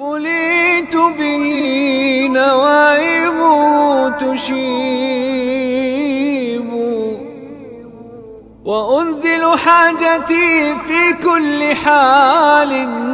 بليت به نوائب تشيب وأنزل حاجتي في كل حال